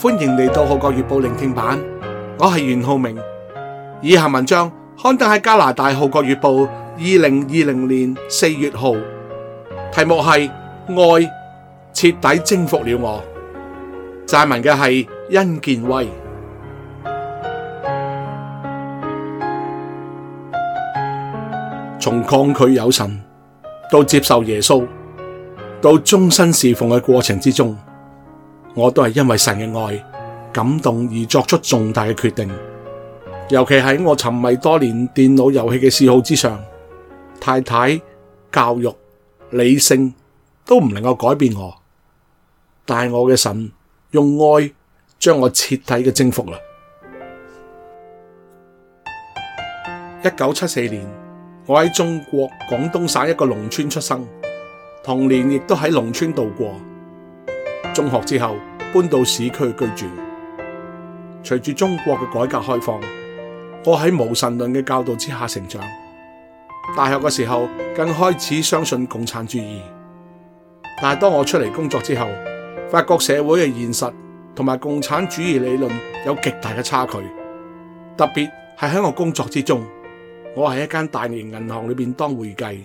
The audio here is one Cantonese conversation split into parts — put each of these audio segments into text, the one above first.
歡迎嚟到《號角月報》聆聽版，我係袁浩明。以下文章刊登喺加拿大《號角月報》二零二零年四月號，題目係《愛徹底征服了我》的是。撰文嘅係殷建威。從抗拒有神，到接受耶穌，到終身事奉嘅過程之中。我都係因為神嘅愛感動而作出重大嘅決定，尤其喺我沉迷多年電腦遊戲嘅嗜好之上，太太、教育、理性都唔能夠改變我，但係我嘅神用愛將我徹底嘅征服啦。一九七四年，我喺中國廣東省一個農村出生，童年亦都喺農村度過。中學之後，搬到市區居住。隨住中國嘅改革開放，我喺無神論嘅教導之下成長。大學嘅時候更開始相信共產主義。但係當我出嚟工作之後，發覺社會嘅現實同埋共產主義理論有極大嘅差距。特別係喺我工作之中，我喺一間大型銀行裏邊當會計，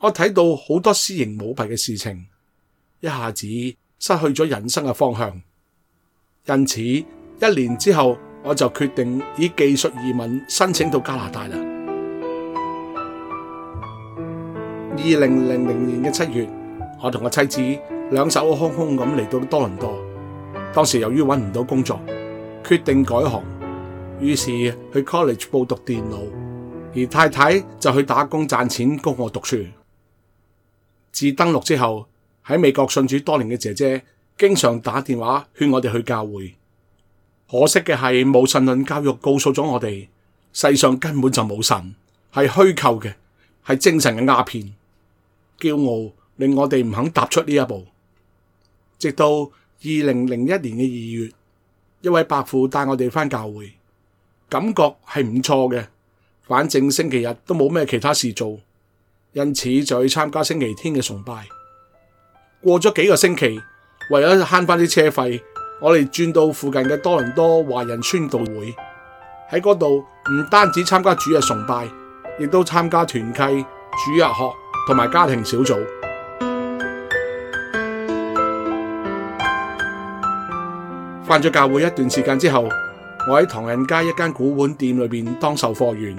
我睇到好多私營舞弊嘅事情，一下子。失去咗人生嘅方向，因此一年之後我就決定以技術移民申請到加拿大啦。二零零零年嘅七月，我同我妻子兩手空空咁嚟到多倫多，當時由於揾唔到工作，決定改行，於是去 college 報讀電腦，而太太就去打工賺錢供我讀書。自登陸之後，喺美國信主多年嘅姐姐，經常打電話勸我哋去教會。可惜嘅係冇神論教育告訴，告訴咗我哋世上根本就冇神，係虛構嘅，係精神嘅鴉片。驕傲令我哋唔肯踏出呢一步。直到二零零一年嘅二月，一位伯父帶我哋返教會，感覺係唔錯嘅。反正星期日都冇咩其他事做，因此就去參加星期天嘅崇拜。過咗幾個星期，為咗慳翻啲車費，我哋轉到附近嘅多倫多華人宣道會。喺嗰度唔單止參加主日崇拜，亦都參加團契、主日學同埋家庭小組。返咗 教會一段時間之後，我喺唐人街一間古玩店裏面當售貨員。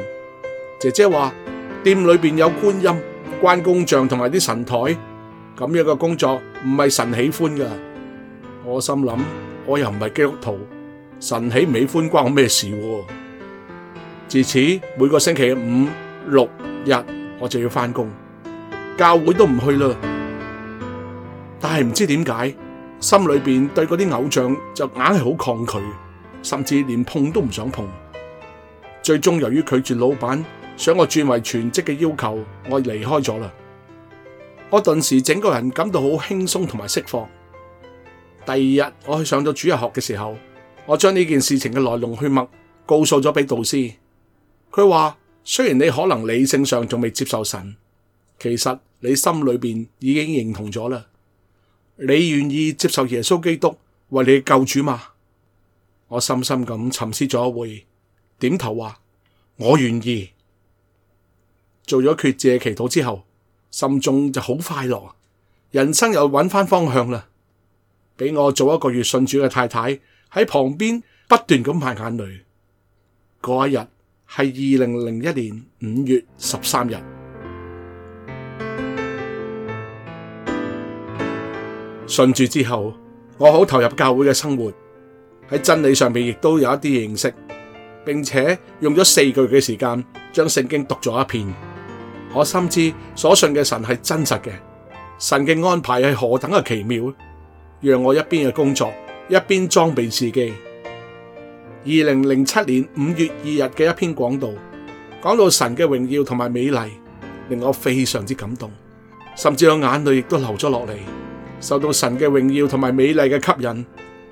姐姐話店裏面有觀音、關公像同埋啲神台。咁樣嘅工作唔係神喜歡嘅，我心諗，我又唔係基督徒，神喜唔喜歡關我咩事啊？自此每個星期五六日我就要返工，教會都唔去啦。但係唔知點解，心裏面對嗰啲偶像就硬係好抗拒，甚至連碰都唔想碰。最終由於拒絕老闆想我轉為全職嘅要求，我離開咗啦。我頓時整個人感到好輕鬆同埋釋放。第二日我去上咗主日學嘅時候，我將呢件事情嘅來龍去脈告訴咗俾導師。佢話：雖然你可能理性上仲未接受神，其實你心裏邊已經認同咗啦。你願意接受耶穌基督為你嘅救主嗎？我深深咁沉思咗一會，點頭話：我願意。做咗決志祈禱之後。心中就好快樂，人生又揾翻方向啦！俾我做一個月信主嘅太太喺旁邊，不斷咁抹眼淚。嗰一日係二零零一年五月十三日。信主之後，我好投入教會嘅生活，喺真理上面亦都有一啲認識，並且用咗四個月嘅時間將聖經讀咗一遍。我深知所信嘅神係真實嘅，神嘅安排係何等嘅奇妙。讓我一邊嘅工作，一邊裝備自己。二零零七年五月二日嘅一篇講道，講到神嘅榮耀同埋美麗，令我非常之感動，甚至我眼淚亦都流咗落嚟。受到神嘅榮耀同埋美麗嘅吸引，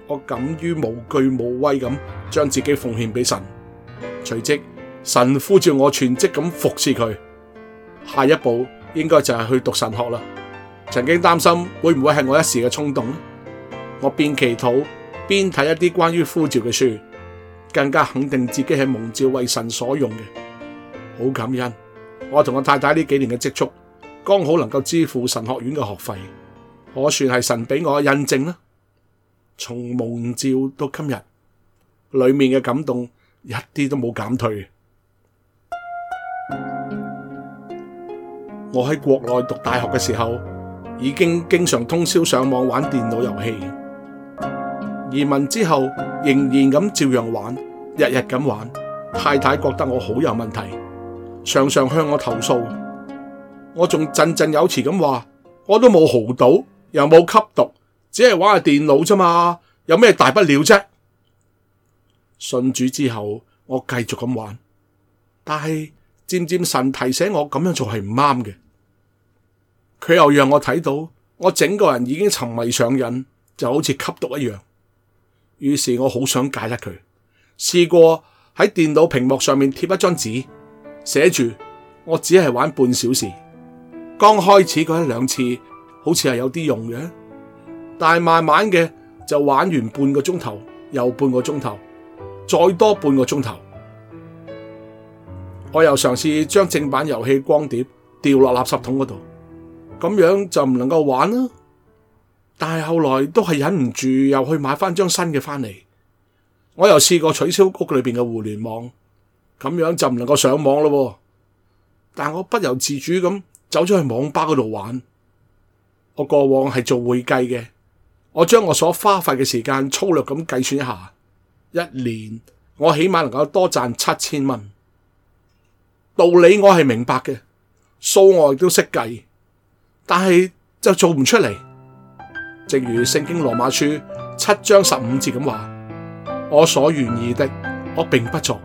我敢於無懼無畏咁將自己奉獻俾神。隨即神呼召我全職咁服侍佢。下一步應該就係去讀神學啦。曾經擔心會唔會係我一時嘅衝動，我邊祈禱邊睇一啲關於呼召嘅書，更加肯定自己係蒙召為神所用嘅。好感恩，我同我太太呢幾年嘅積蓄，剛好能夠支付神學院嘅學費，我算係神俾我嘅印證啦。從蒙召到今日，裡面嘅感動一啲都冇減退。我喺國內讀大學嘅時候，已經經常通宵上網玩電腦遊戲。移民之後，仍然咁照樣玩，日日咁玩。太太覺得我好有問題，常常向我投訴。我仲振振有詞咁話：我都冇豪賭，又冇吸毒，只係玩下電腦咋嘛？有咩大不了啫？信主之後，我繼續咁玩，但係。漸漸神提醒我咁樣做係唔啱嘅，佢又讓我睇到我整個人已經沉迷上癮，就好似吸毒一樣。於是我好想戒甩佢，試過喺電腦屏幕上面貼一張紙，寫住我只係玩半小時。剛開始嗰一兩次好似係有啲用嘅，但係慢慢嘅就玩完半個鐘頭，又半個鐘頭，再多半個鐘頭。我又嘗試將正版遊戲光碟掉落垃圾桶嗰度，咁樣就唔能夠玩啦。但係後來都係忍唔住，又去買翻張新嘅翻嚟。我又試過取消屋裏邊嘅互聯網，咁樣就唔能夠上網咯。但我不由自主咁走咗去網吧嗰度玩。我過往係做會計嘅，我將我所花費嘅時間粗略咁計算一下，一年我起碼能夠多賺七千蚊。道理我係明白嘅，數我亦都識計，但係就做唔出嚟。正如聖經羅馬書七章十五節咁話：我所願意的，我並不做；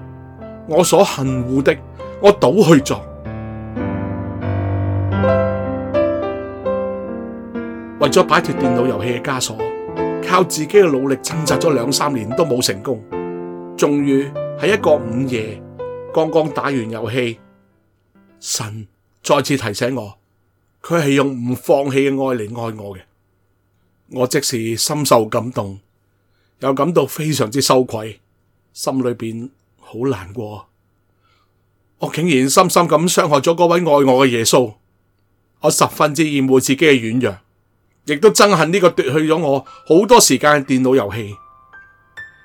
我所恨惡的，我倒去做。為咗擺脱電腦遊戲嘅枷鎖，靠自己嘅努力掙扎咗兩三年都冇成功，終於喺一個午夜，剛剛打完遊戲。神再次提醒我，佢係用唔放棄嘅愛嚟愛我嘅，我即時深受感動，又感到非常之羞愧，心裏面好難過。我竟然深深咁傷害咗嗰位愛我嘅耶穌，我十分之厭惡自己嘅軟弱，亦都憎恨呢個奪去咗我好多時間嘅電腦遊戲。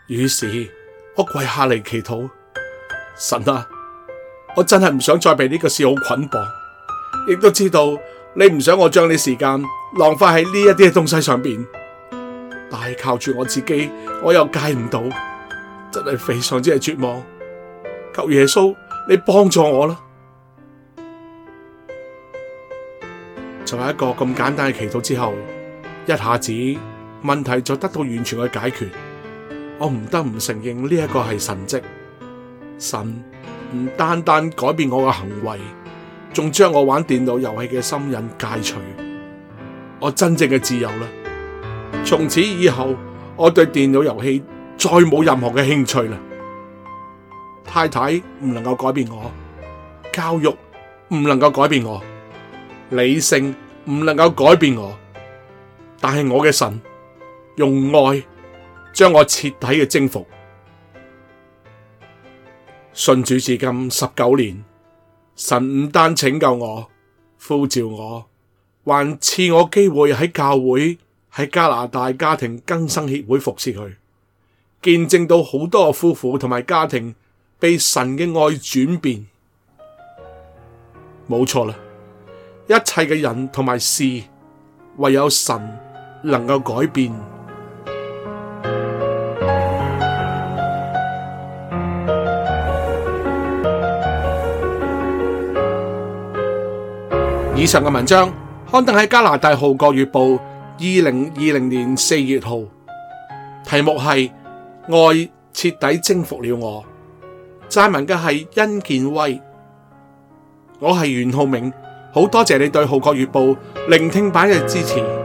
於是，我跪下嚟祈禱，神啊！我真係唔想再被呢個事好捆綁，亦都知道你唔想我將你時間浪費喺呢一啲嘅東西上面，但係靠住我自己我又戒唔到，真係非常之係絕望。求耶穌，你幫助我啦！就係一個咁簡單嘅祈禱之後，一下子問題就得到完全嘅解決。我唔得唔承認呢一個係神蹟，神。唔單單改變我嘅行為，仲將我玩電腦遊戲嘅心癮戒除。我真正嘅自由啦！從此以後，我對電腦遊戲再冇任何嘅興趣啦。太太唔能夠改變我，教育唔能夠改變我，理性唔能夠改變我，但係我嘅神用愛將我徹底嘅征服。信主至今十九年，神唔單拯救我、呼召我，還賜我機會喺教會、喺加拿大家庭更新協會服侍佢，見證到好多夫婦同埋家庭被神嘅愛轉變。冇錯啦，一切嘅人同埋事，唯有神能夠改變。以上嘅文章刊登喺加拿大《號角月報》二零二零年四月號，題目係《愛徹底征服了我》，撰文嘅係殷建威，我係袁浩銘，好多謝你對《號角月報》聆聽版嘅支持。